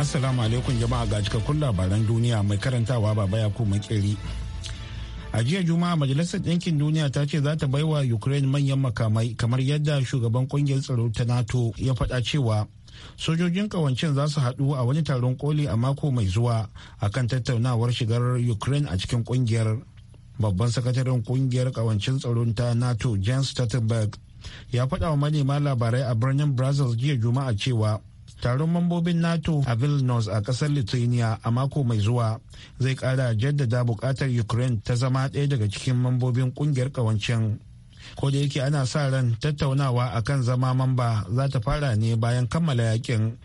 Assalamu alaikum jama'a ga cikakkun labaran duniya mai karantawa baba ya ku makeri. A jiya Juma'a Majalisar Ɗinkin Duniya ta ce za ta wa Ukraine manyan makamai kamar yadda shugaban kungiyar tsaro ta NATO ya faɗa cewa sojojin kawancin za su haɗu a wani taron koli a mako mai zuwa akan tattaunawar shigar ukraine a cikin kungiyar babban sakataren kungiyar kawancin tsaro ta nato jens stoltenberg ya faɗa wa manema labarai a birnin brazil jiya juma'a cewa taron mambobin nato a vilnius a kasar lithuania a mako mai zuwa zai kara jaddada bukatar ukraine ta zama ɗaya daga cikin mambobin kungiyar kawancin ko da yake ana sa ran tattaunawa a kan zama mamba za ta fara ne bayan kammala yakin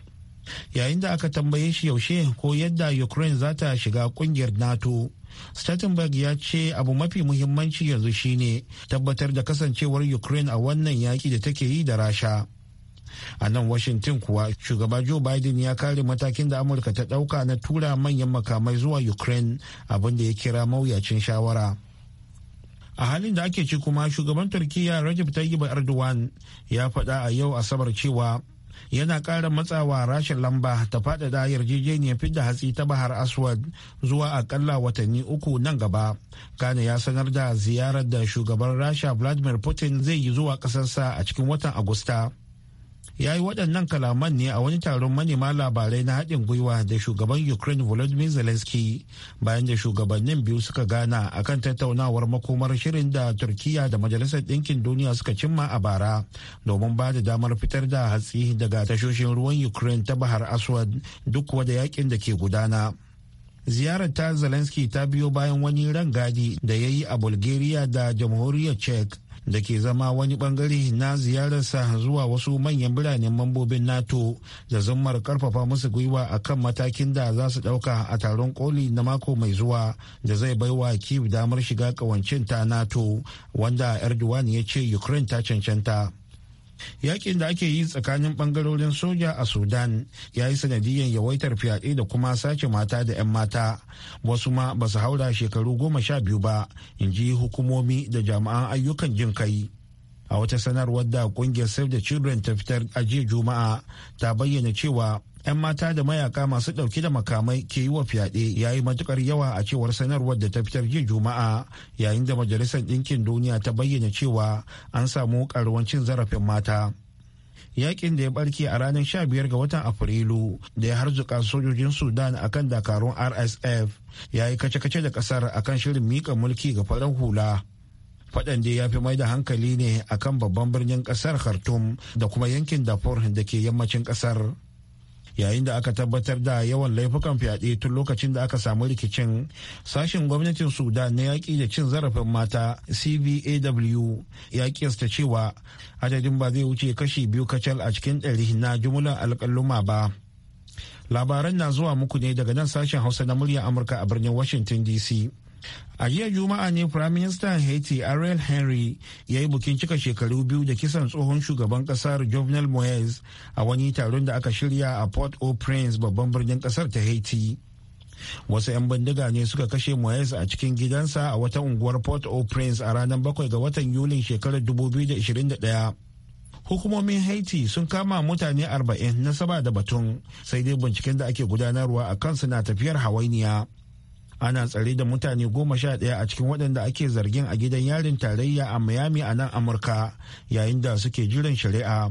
yayin da aka tambaye shi yaushe ko yadda ukraine za ta shiga kungiyar nato Stoltenberg ya ce abu mafi muhimmanci yanzu shine tabbatar da kasancewar Ukraine a wannan yaki da take yi da Rasha. a nan washington kuwa shugaba joe biden ya kare matakin da amurka ta dauka na tura manyan makamai zuwa ukraine abinda ya kira mawuyacin shawara a halin da ake ci kuma shugaban turkiya rajab tayyip erdogan ya faɗa a yau asabar cewa yana ƙara matsawa rashin lamba ta faɗaɗa yarjejeniyar fidda hatsi ta bahar aswad zuwa akalla watanni uku nan gaba kana ya sanar da ziyarar da shugaban rasha vladimir putin zai yi zuwa ƙasarsa a cikin watan agusta ya yi waɗannan kalaman ne a wani taron manema labarai na haɗin gwiwa da shugaban ukraine volodymyr zelensky bayan da shugabannin biyu suka gana a kan tattaunawar makomar shirin da turkiya da majalisar ɗinkin duniya suka cimma a bara domin ba da damar fitar da hatsi daga tashoshin ruwan ukraine ta bahar aswad duk wada yakin da ke gudana ziyarar ta zelensky ta biyo bayan wani rangadi da ya yi a bulgaria da jamhuriyar czech da ke zama wani bangare na ziyararsa zuwa wasu manyan biranen mambobin nato da zammar karfafa musu gwiwa a kan matakin da za su dauka a taron koli na mako mai zuwa da zai baiwa kiev damar shiga kawancin ta nato wanda erdogan ya ce ukraine ta cancanta yakin da ake yi tsakanin bangarorin soja a sudan ya yi sanadiyyar yawaitar fyaɗe da kuma sace mata da 'yan mata wasu ma ba su haura shekaru goma sha biyu ba in ji hukumomi da jami'an ayyukan jin kai a wata sanarwar da kungiyar save the children ta fitar a juma'a ta bayyana cewa 'yan mata da mayaka masu ɗauke da makamai ke yi wa fyaɗe ya yi matukar yawa a cewar sanarwar da ta fitar jiya juma'a yayin da majalisar ɗinkin duniya ta bayyana cewa an samu karuwan cin zarafin mata yakin da ya barke a ranar 15 ga watan afrilu da ya harzuka sojojin sudan a kan dakarun rsf ya yi kace-kace da kasar akan shirin mika mulki ga farar hula faɗan da ya fi mai da hankali ne akan babban birnin ƙasar khartoum da kuma yankin darfur da ke yammacin ƙasar yayin da aka tabbatar da yawan laifukan fyaɗe tun lokacin da aka samu rikicin sashen gwamnatin sudan na yaƙi da cin zarafin mata cbaw ya kiyasta cewa adadin ba zai wuce kashi biyu kacal a cikin ɗari na jumlar alƙaluma ba labaran na zuwa muku ne daga nan sashen hausa na murya amurka a birnin washington dc A jiya Juma'a ne Firaministan Haiti Ariel Henry ya yi bukin cika shekaru biyu da kisan tsohon shugaban kasar Jovenel Moise a wani taron da aka shirya a Port-au-Prince babban birnin kasar ta Haiti. Wasu 'yan bindiga ne suka kashe Moise a cikin gidansa a wata unguwar Port-au-Prince a ranar bakwai ga watan Yulin shekarar 2021. hukumomin haiti sun kama mutane 40 na saba da batun sai dai binciken da ake gudanarwa a kansu na tafiyar hawainiya ana tsare da mutane goma sha ɗaya a cikin waɗanda ake zargin a gidan yarin tarayya a miami a nan amurka yayin da suke jiran shari'a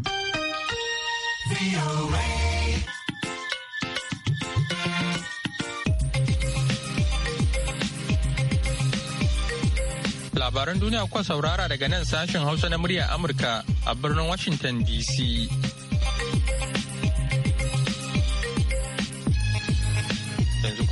labaran duniya kuwa saurara daga nan sashen hausa na murya amurka a birnin washington dc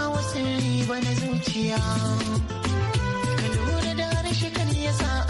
kawo sirri ba na zuciya ka lura da harshe kan yasa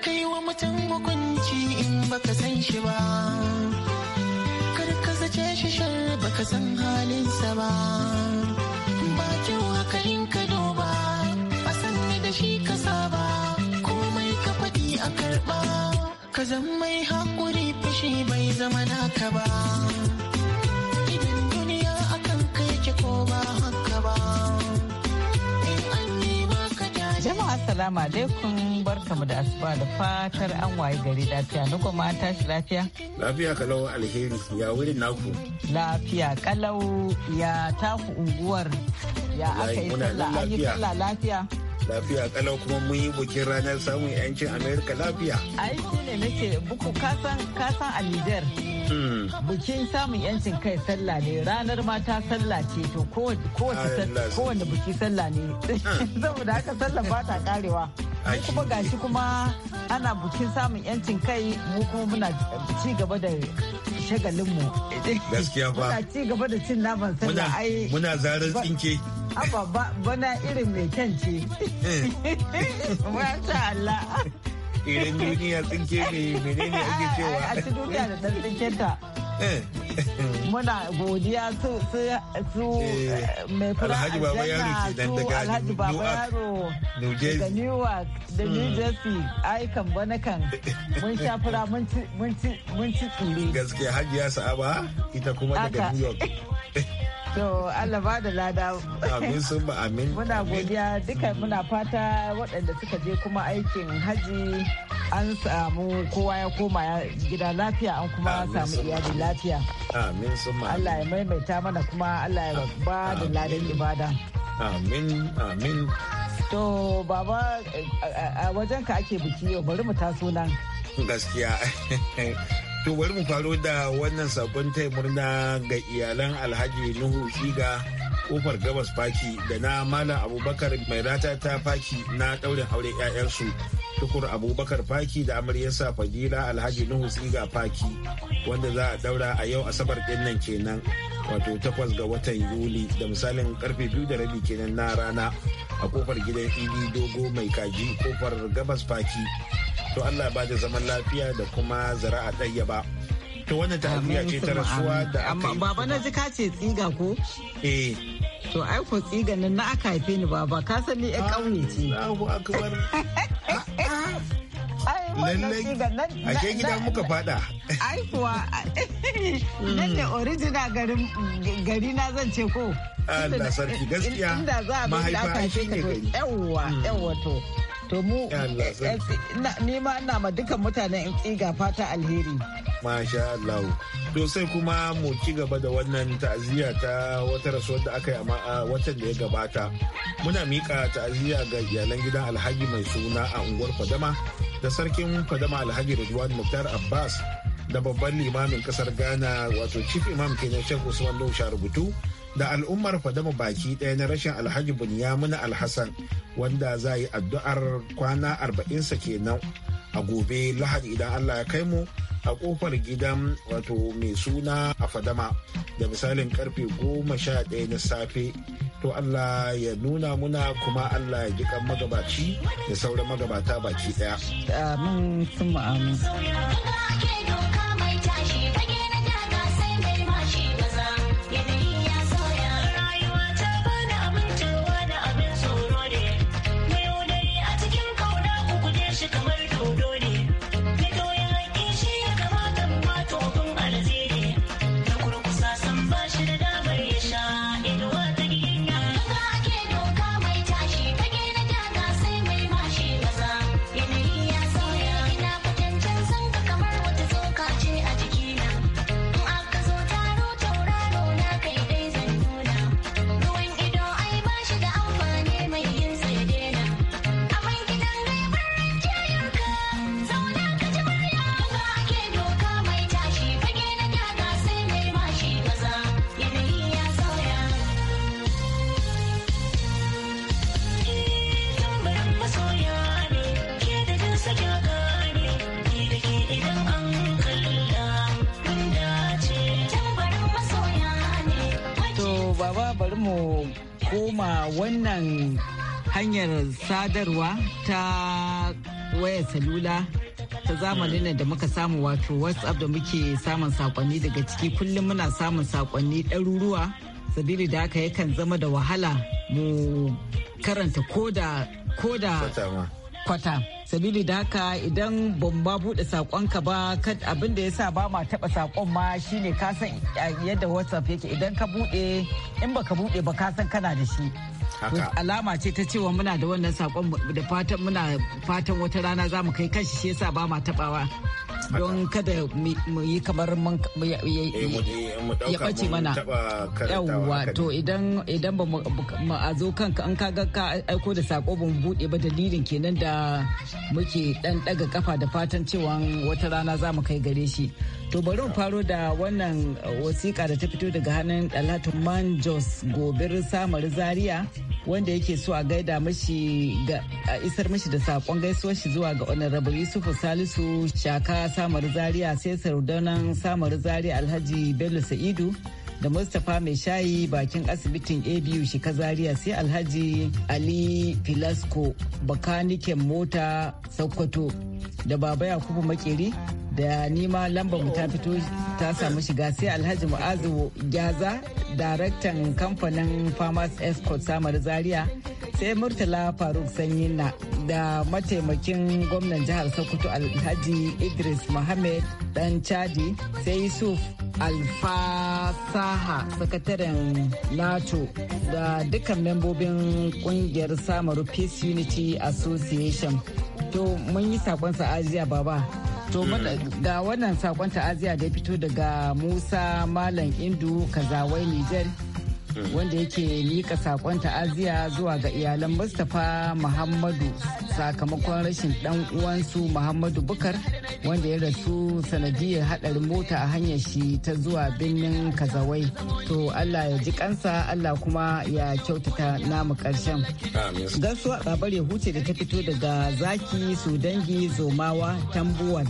kai wa mutum hukunci in baka san shi ba kar ka zace shi shar baka san halinsa ba ba kyau haka in ka duba a sanni da shi ka saba komai ka faɗi a karɓa ka zama mai haƙuri fushi bai zama naka ba Assalamu alaikum barkamu da asuba da fatar an waye gari lafiya na kuma an tashi lafiya. Lafiya kalau alheri ya wurin naku. Lafiya kalau ya tafi unguwar ya aka yi sallah an yi sallah lafiya. lafiya kalau kuma mun yi bikin ranar samun yancin amerika lafiya ai shi ne nake buku kasan kasan a niger hmm. bikin samun yancin kai sallah ne ranar mata sallah ce to kowane biki sallah ne ah. saboda haka sallah ba ta karewa kuma gashi kuma ana bikin samun yancin kai mu kuma muna ci gaba da shagalinmu gaskiya ba muna ci gaba da cin naman sallah ai muna zarar tsinke Abba bana irin mai kyan ce. Eh. Masha Allah. Irin duniya tsinke ne menene ake cewa. A ci duniya da ɗan eh. Muna godiya su su eh. mai fura Alhaji Baba Yaro ke dan daga Alhaji Baba Yaro da Newark da New hmm. Jersey ai kan bana kan mun sha fura mun ci mun ci mun ci tsire. Gaskiya Hajiya Sa'aba ita kuma daga New York. To Allah ba da lada. Amin sun ba amin. Muna godiya duka muna fata waɗanda suka je kuma aikin haji an samu kowa ya koma gida lafiya an kuma samu iyali lafiya. Amin sun Allah ya maimaita mana kuma Allah ya ba da ladan ibada. Amin amin. To baba a wajenka ake biki yau bari mu taso nan. Gaskiya. To bari mu faro da wannan sakon taya murna ga iyalan Alhaji Nuhu Shiga kofar gabas faki da na Malam Abubakar mai rata ta faki na daurin aure 'ya'yansu. Tukur Abubakar faki da amaryarsa Fadila Alhaji Nuhu Shiga faki wanda za a daura a yau Asabar din kenan. Wato takwas ga watan Yuli da misalin karfe biyu da rabi kenan na rana a kofar gidan ibi dogo mai kaji kofar gabas faki to allah ba da zaman lafiya da kuma zara'a daya ba to wannan ta'aziyya ce ta rasuwa da aka yi baba na ji ce tsiga ko eh to ai ko tsiga nan na aka haife ni baba ka san ni ƴan ƙauye ce lallai a ke gida muka fada ai kuwa nan ne hmm. original gari na zan ce ko Allah sarki gaskiya mahaifa shi ne gari yawwa yawwa to to mu eh, eh, ni ma ina ma dukan mutanen in tsiga fata alheri masha Allah to sai kuma mu ci gaba da wannan ta'aziyya ta wata rasuwar da aka yi a watan da ya gabata muna mika ta'aziyya ga iyalan gidan alhaji mai suna a unguwar fadama da sarkin fadama alhaji Ridwan Muktar Abbas da babban limamin kasar Ghana wato chief imam kenan Sheikh Usman Nuhu rubutu da al'ummar fadama baki ɗaya na rashin alhaji bunyamina alhassan wanda za yi addu'ar kwana arba'insa kenan a gobe lahadi idan allah ya kai mu a kofar gidan wato mai suna a fadama da misalin karfe goma sha ɗaya na safe to allah ya nuna muna kuma allah ya ji magabaci da sauran magabata baki ɗaya. wannan hanyar sadarwa ta waya salula ta zamanin nan da muka samu wato whatsapp da muke samun sakonni daga ciki kullum muna samun sakonni ɗaruruwa sabili da haka yakan zama da wahala mu karanta koda koda kwata Sabili da haka idan ban ba bude sakonka ba abin da ya sa ba ma taɓa sakon ma shine ka san eh, yadda WhatsApp yake idan ka bude in ba ka bude ba ka san kana da shi. alama ce ta cewa muna da wannan sakon da fatan muna fatan wata rana za mu kai kanshi shi yasa ba ma tabawa don kada mu yi kamar mun eh, eh, ya ɓace mana yawwa to idan idan ba mu a zo kanka an kaga ka aiko da sako ba mu buɗe ba dalilin kenan da muke dan daga kafa da fatan cewa wata rana za mu kai gare shi to bari mu faro da wannan wasiƙa da ta fito daga hannun Dalatu Manjos Gobir Samar Zaria wanda yake so a gaida mashi ga isar mashi da sakon gaisuwar shi zuwa ga Honorable Yusufu Salisu Shaka samar zaria sai sardaunan samar zaria alhaji bello sa'idu da mustapha mai shayi bakin asibitin abu shika zaria sai alhaji ali filasco bakaniken mota sokoto da baba yakubu makeri da nima lambar mu ta fito ta samu shiga sai alhaji mu'azu gyaza daraktan kamfanin farmers escort samar zaria sai murtala faruk sanyi na da mataimakin gwamnan jihar sokoto alhaji idris mohammed dan chadi sai yusuf alfasaha sakataren nato da dukkan membobin kungiyar samar peace unity association to mun yi sakon sa'ajiya baba To ga wannan sakon ta'aziya da ya fito daga Musa Malam Indu Kazawai Nijar wanda yake mika sakon ta'aziya zuwa ga iyalan mustapha muhammadu sakamakon rashin dan uwansu muhammadu bukar wanda ya rasu sanadiyar hadarin mota a hanyar shi ta zuwa birnin kazawai to allah ya ji kansa allah kuma ya kyautata namu karshen gasuwa babar ya huce da ta fito daga zaki su dangi zomawa tambuwan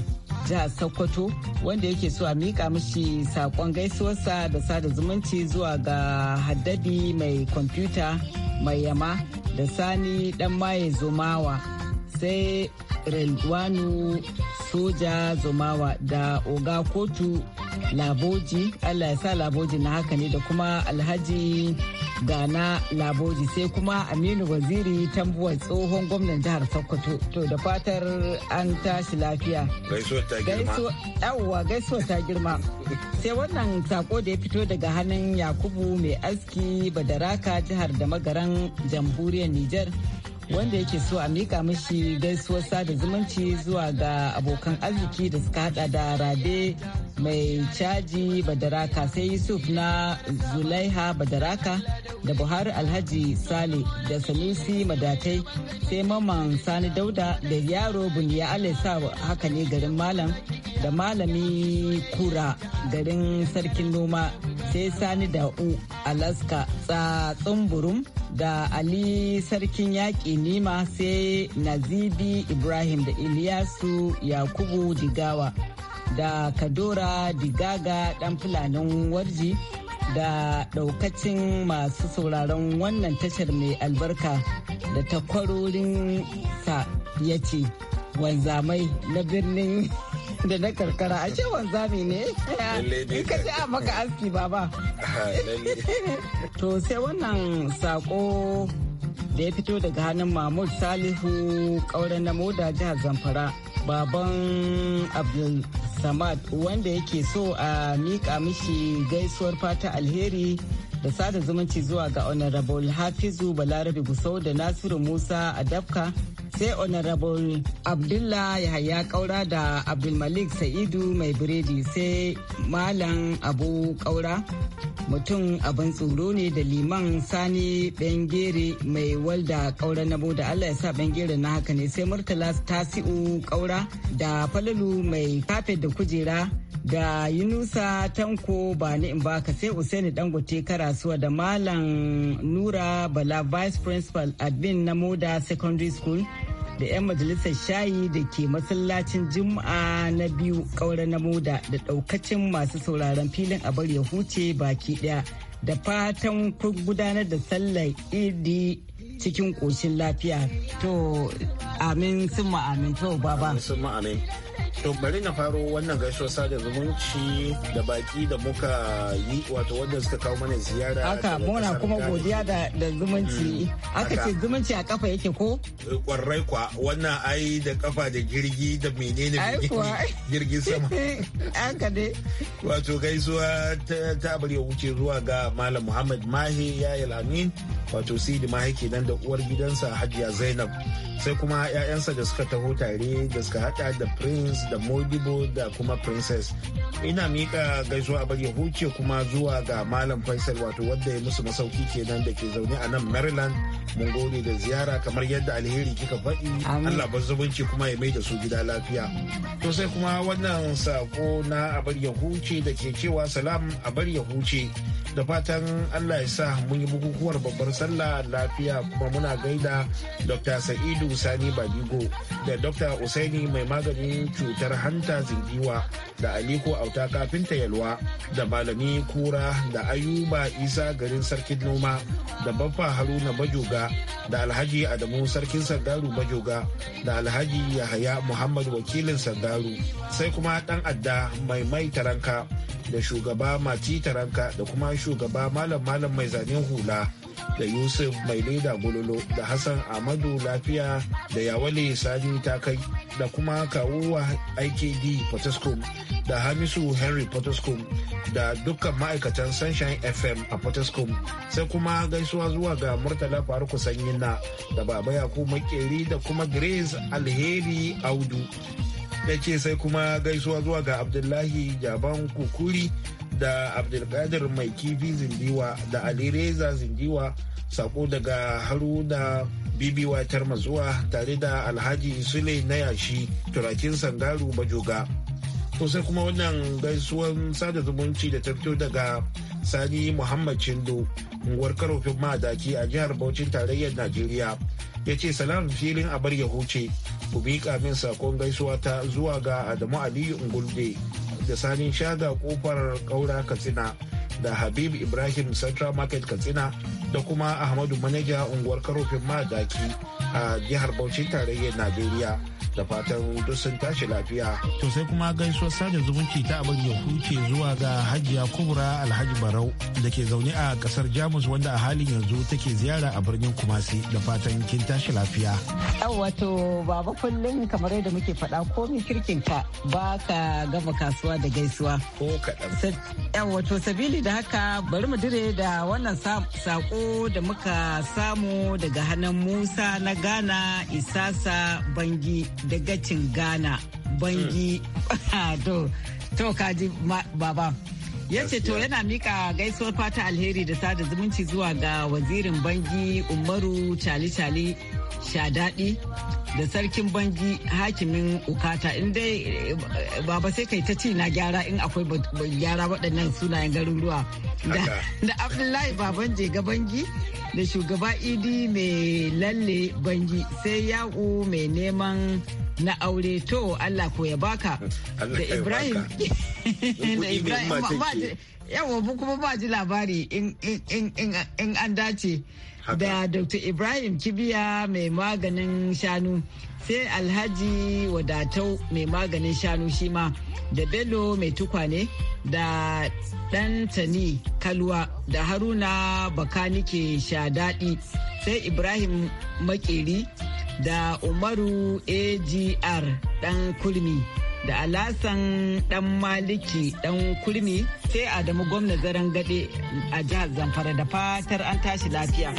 jihar Sokoto wanda yake so a miƙa mishi saƙon gaisuwarsa da sada zumunci zuwa ga haddadi mai kwamfuta mai yama da sani dan maye zomawa sai soja zomawa da oga kotu laboji allah ya sa laboji na haka ne da kuma alhaji Gana Laboji sai kuma Aminu Waziri tambuwa tsohon gwamnan jihar Sokoto. To da fatar an tashi lafiya. Gaisuwa gaisuwa ta girma. Sai wannan sako da ya fito daga hannun Yakubu mai aski Badaraka jihar da magaran jamhuriyar Nijar. wanda yake so a mika mashi gaisuwar sada zumunci zuwa ga abokan arziki da suka hada da rabe mai caji badaraka sai yusuf na zulaiha badaraka da buhari alhaji sale da sanusi madatai sai maman sani dauda da yaro buniya alaisa haka ne garin malam da malami kura garin sarkin noma sai sani da u alaska tsa burum da ali sarkin yaƙi nima sai nazibi ibrahim da iliyasu yakubu digawa da kadora digaga ɗan fulanin warji da ɗaukacin masu sauraron wannan tashar mai albarka da takwarorinsa ya ce wanzamai na birnin da na karkara a ce wanzami ne in ka ce a maka aski baba to sai wannan sako da ya fito daga hannun mahmud salihu kauren na moda jihar zamfara baban abdul samad wanda yake so a mika mishi gaisuwar fata alheri da sada zumunci zuwa ga honorable hafizu balarabe gusau da nasiru musa adabka sai honorable abdullah yahaya kaura da abdulmalik sa'idu mai biredi sai malam abu kaura mutum abin tsoro ne da liman sani bengere mai walda kaura na da allah ya sa bengere na haka ne sai murtala tasi'u kaura da falalu mai kafe da kujera da yunusa tanko ba ni in baka sai usaini dangote karasuwa da malam nura bala vice principal admin na moda secondary school da 'yan majalisar shayi da ke masallacin juma'a na biyu kaura na moda da daukacin masu sauraron filin a bari ya huce baki daya da fatan kun gudanar da sallar idi cikin koshin lafiya to amin sun ma'amin to baba amin sun ma'amin To bari na faro wannan gaisuwar sada zumunci da baki da muka yi wato wanda suka kawo mana ziyara. Haka muna kuma godiya da zumunci. Mm, Aka ce zumunci a kafa yake ko? Kwarai eh, kwa wannan ai da kafa da jirgi da menene jirgin sama. Haka ne. Wato gaisuwa ta ta ya wuce zuwa ga Malam Muhammad Mahi ya yi lamin wato Sidi Mahi kenan da uwar gidansa Hajiya Zainab. sai kuma 'ya'yansa da suka taho tare da suka hada da prince da modibo da kuma princess ina miƙa gaisuwa a bari huce kuma zuwa ga malam faisal wato wadda ya musu masauki kenan da ke zaune a nan maryland mun gode da ziyara kamar yadda alheri kika faɗi allah ba zumunci kuma ya mai da su gida lafiya to sai kuma wannan sako na a bari huce da ke cewa salam a ya huce da fatan allah ya sa mun yi bukukuwar babbar sallah lafiya kuma muna gaida dr sa'idu Rabiu Sani Babigo da Dr. Usaini mai maganin cutar hanta zingiwa da Aliko Auta kafinta yalwa da Malami Kura da Ayuba Isa garin sarkin noma da Baffa Haruna Bajoga da Alhaji Adamu sarkin Sardaru Bajoga da Alhaji Yahaya Muhammad wakilin Sardaru sai kuma dan adda mai mai taranka da shugaba Mati taranka da kuma shugaba malam malam mai zanen hula. da yusuf mai leda gololo da hassan amadu lafiya da yawale sani takai da kuma kawuwa ikd potoscom da hamisu henry potoscom da dukkan ma'aikatan sunshine fm a potoscom sai kuma gaisuwa zuwa ga murtala faruku sanyina da baba yaku makeri da kuma grace alheri audu ya ce sai kuma gaisuwa zuwa ga abdullahi jaban kukuri da abdulkadir mai kifi zindiwa da ali reza zindiwa sako daga haruna bibi watar zuwa tare da alhaji sule na yashi turakin sangaru bajoga kusa kuma wannan gaisuwan sada zumunci da ta fito daga sani muhammad chindo unguwar karofin madaki a jihar Bauchin tarayyar najeriya ya ce salam filin abar ya huce ku bi kamin sakon gaisuwa ta zuwa ga adamu aliyu ungulde da sanin shaga kofar kaura katsina da habib ibrahim central market katsina da kuma ahmadu manaja unguwar karofin madaki a jihar bauchi tarayyar najeriya da fatan duk sun tashi lafiya. To sai kuma gaisuwar sada zumunci ta abin ya huce zuwa ga Hajiya Kubra Alhaji Barau da ke zaune a kasar Jamus wanda a halin yanzu take ziyara a birnin Kumasi da fatan kin tashi lafiya. to baba kullum kamar yadda muke faɗa komi ka ba ka gama kasuwa da gaisuwa. Ko kaɗan. Wato sabili da haka bari mu dire da wannan sako da muka samu daga hannun Musa na Ghana Isasa Bangi da gacin ghana bangi to to kaji baba ya ce to yana mika gaisuwar fata alheri da sada zumunci zuwa ga wazirin bangi umaru cali-cali shadadi da sarkin bangi hakimin ukata inda eh, baba sai kai ta ci na gyara in akwai gyara waɗannan sunayen garuruwa da abdullahi baban ga bangi da shugaba idi mai lalle bangi sai yaƙu mai neman na aure to Allah ko ya baka da Ibrahim da Ibrahim yawa kuma ba ji labari in an dace da Dr. Ibrahim Kibiya mai maganin shanu sai alhaji wadatau mai maganin shanu shima da bello mai tukwane da dan tani kalwa da haruna bakanike shadadi sai ibrahim makeri da umaru agr dan kurmi da alasan dan maliki dan kurmi sai adamu gwamna zaren gade a jihar zamfara da fatar an tashi lafiya.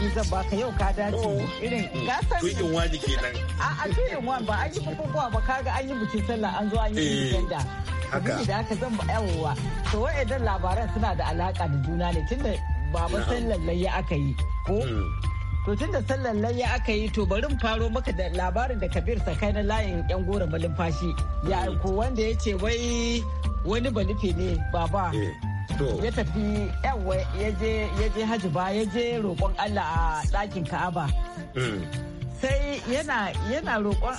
ji zan baka yau ka dace oh. irin ka mm. san in wani kenan a a tuyin wani ba an yi bukukuwa ba kaga an yi bukin sallah an zo an yi eh, bikin haka ni da haka zan ba yawowa to wa'annan labaran suna da alaka da juna ne tunda baba sallan layya aka yi ko mm. to tunda sallan layya aka yi to bari mu faro maka da labarin da kabir sakai na layin yan gora fashi ya aiko mm. wanda ya ce wai wani balife ne baba eh. ya tafi yawa ya je hajji ba ya je roƙon Allah a ɗakin Ka'aba. Mm. Sai yana roƙon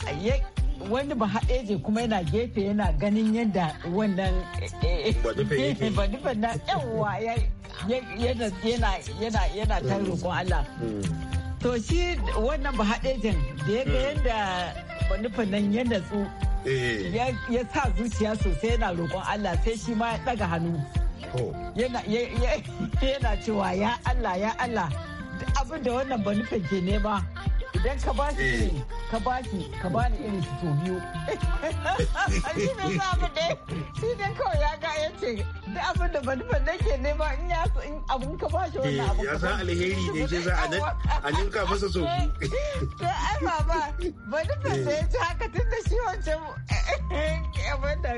wani ba je kuma yana gefe yana ganin yadda wannan eh, eh, badufan na yawa yana yana ta mm. roƙon Allah. Mm. To shi wannan ba haɗejin da ya ga yadda badufan nan yadda su eh. ya sa zuciya sosai yana roƙon Allah sai shi ma ya ɗaga hannu. yana cewa ya Allah ya Allah abin da wannan ba nufin ke ne ba idan ka ba shi eh. ka ba shi ka ba ni irin su biyu shi ne zaɓi dai shi ne kawai ya ga ya ce da abin da da ke ne ba in ya su in abun ka ba shi wannan abin eh, ya sa alheri ne shi za a nan ninka masa so to ai ba ba nufin da eh. ya ci haka tun da shi wancan abin da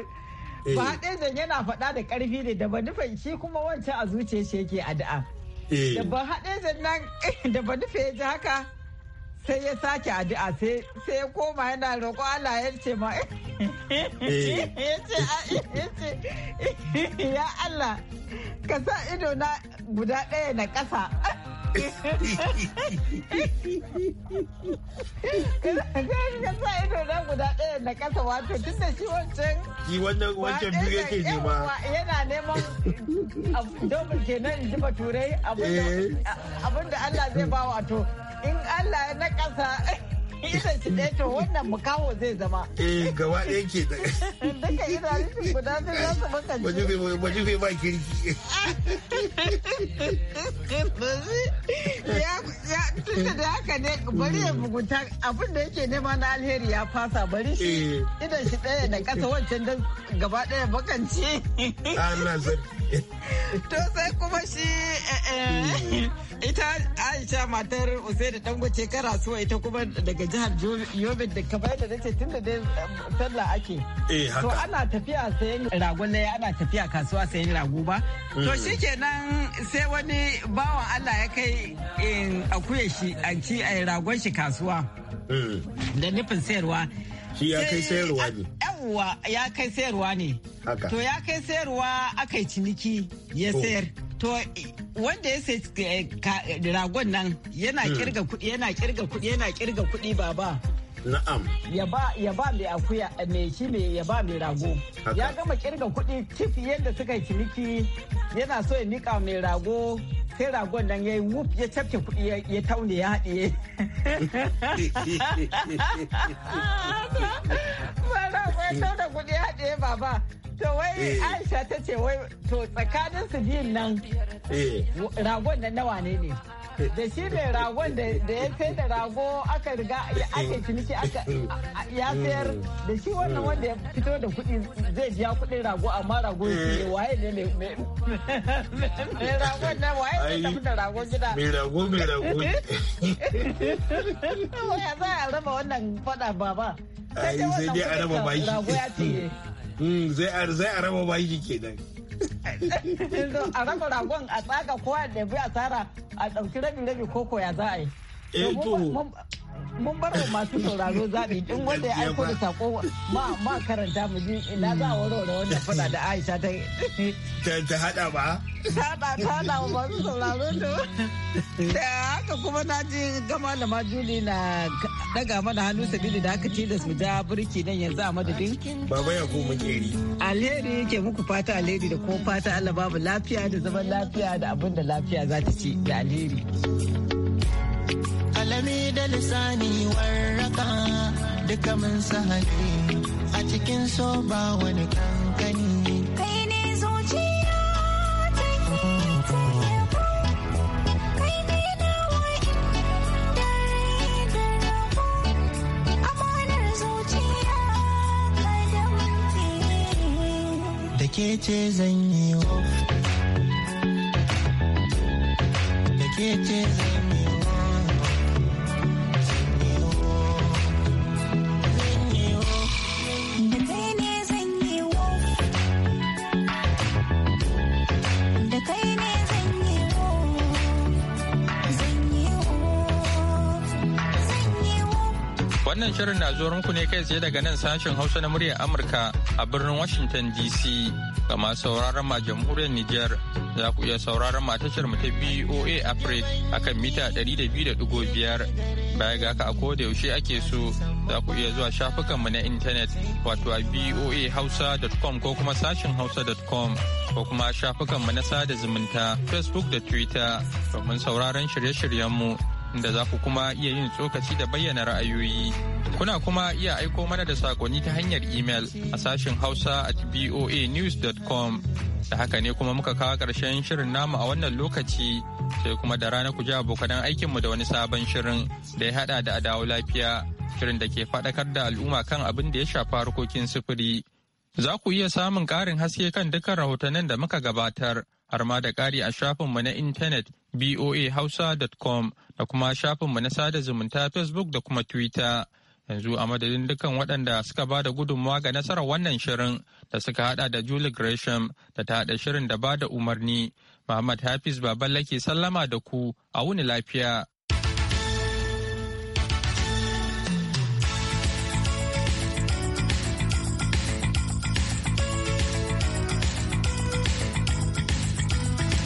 Eh. ba ɗaya yana faɗa da ƙarfi ne da ba nufin shi kuma wancan a zuciya shi yake addu'a eh. da ba haɗe nan da ba ya ji haka sai ya sake addu'a sai ya koma yana roƙo Allah ya ce ma eh. ah, ya Allah ka sa ido na guda ɗaya na ƙasa ka ido na guda ɗaya na kasa wato tun da shi wancan wannan wancan biyu yake nema yana neman domin kenan in ji baturai abinda eh. Allah zai ba wato in Allah na kasa. idan shi ɗaya to wannan mukawo zai zama. Eh gaba ɗaya ke da. Duka idanun guda sun za su makance. Waje bai ba kirki. Ya tunda da haka ne bari ya bugunta abin da yake nema na alheri ya fasa bari shi eh. idan shi ɗaya da ƙasa wancan don gaba ɗaya makance. Allah sarki. To sai kuma shi eh, eh, ita Aisha matar Usaini Dangote karasuwa ita kuma daga jihar Yobe da kamar yadda nace tun da dai talla eh, ake. Eh haka. To ana tafiya sayan ragon laye ana tafiya kasuwa sayan rago ba. To mm. shikenan sai wani bawan Allah ya kai akuya shi a ragon shi kasuwa. Mm. Da nufin sayarwa. shi ya kai sayarwa ne yawwa ya kai sayarwa ne to ya kai sayarwa aka yi ciniki ya sayar to wanda ya sai eh, ragon nan yana hmm. kirga kudi yana kirga kudi yana kirga kuɗi baba Na'am. Ya ba ya ba mai akuya eh, mai shi ne ya ba mai rago. Ya gama kirga kudi kif yadda suka yi ciniki yana so ya nika mai rago sai ragon nan ya yi wuf ya cafke kuɗi ya taune ya haɗe ba ya taune kuɗi ya haɗe baba to wai eh. aisha ta ce wai to tsakanin su biyun nan eh. ragon nan nawa ne ne da shi mai ragon da ya sai da rago aka riga ake ciniki ya sayar da shi wannan wanda ya fito da kuɗi zai biya kuɗin rago amma rago shi waye ne mai ragon na waye ne tafi da rago gida mai rago mai rago Waya za a raba wannan fada baba ai zai dai a raba baki rago ya ce mm, zai a raba baki kenan a raba ragon a tsaka kowa da bi tsara a ɗauki rabi-rabi koko ya za a yi. Eh, mun bar masu sauraro zaɓi in wanda ya aiko da sako ma karanta mu ji ina za a da wanda fada da Aisha ta yi. ta hada ba ta hada ta hada wa masu sauraro to da haka kuma na ji gama da majuli na daga mana hannu sabili da aka tilas mu ja burki nan yanzu a madadin. Baba ya goma makeri Alheri yake muku fata alheri da ko fata Allah babu lafiya da zaman lafiya da abin da lafiya za ta ci da alheri. Alami da lisani warraka duka mun a cikin so ba wani kan Wannan shirin na zuwa muku ne kai tsaye daga nan sashen Hausa na muryar Amurka a birnin Washington DC kamar sauraron ma jamhuriyar Nijar za ku iya sauraron ma tashar mu ta BOA Africa akan mita 200.5 baya ga haka a koda yaushe ake so za ku iya zuwa shafukan mu na intanet wato a boahausa.com ko kuma sashin hausa.com ko kuma shafukan mu na sada zumunta Facebook da Twitter domin sauraron shirye-shiryen mu. da za ku kuma iya yin tsokaci da bayyana ra'ayoyi. Kuna kuma iya aiko mana da sakonni ta hanyar imel a sashen Hausa at com Da haka ne kuma muka kawo ƙarshen shirin namu a wannan lokaci sai kuma da rana ku ji abokanan aikinmu da wani sabon shirin da ya haɗa da adawo lafiya shirin da ke faɗakar da al'umma kan abin da ya shafa harkokin sufuri. Za ku iya samun ƙarin haske kan dukkan rahotannin da muka gabatar har ma da ƙari a shafinmu na intanet boahausa.com da kuma shafinmu na sada zumunta Facebook da kuma Twitter. Yanzu a madadin dukkan waɗanda suka ba da gudunmawa ga nasarar wannan shirin da suka hada da Julie Gresham da ta haɗa shirin da ba da umarni. Muhammad Hafiz Baballa ke sallama da ku a wuni lafiya.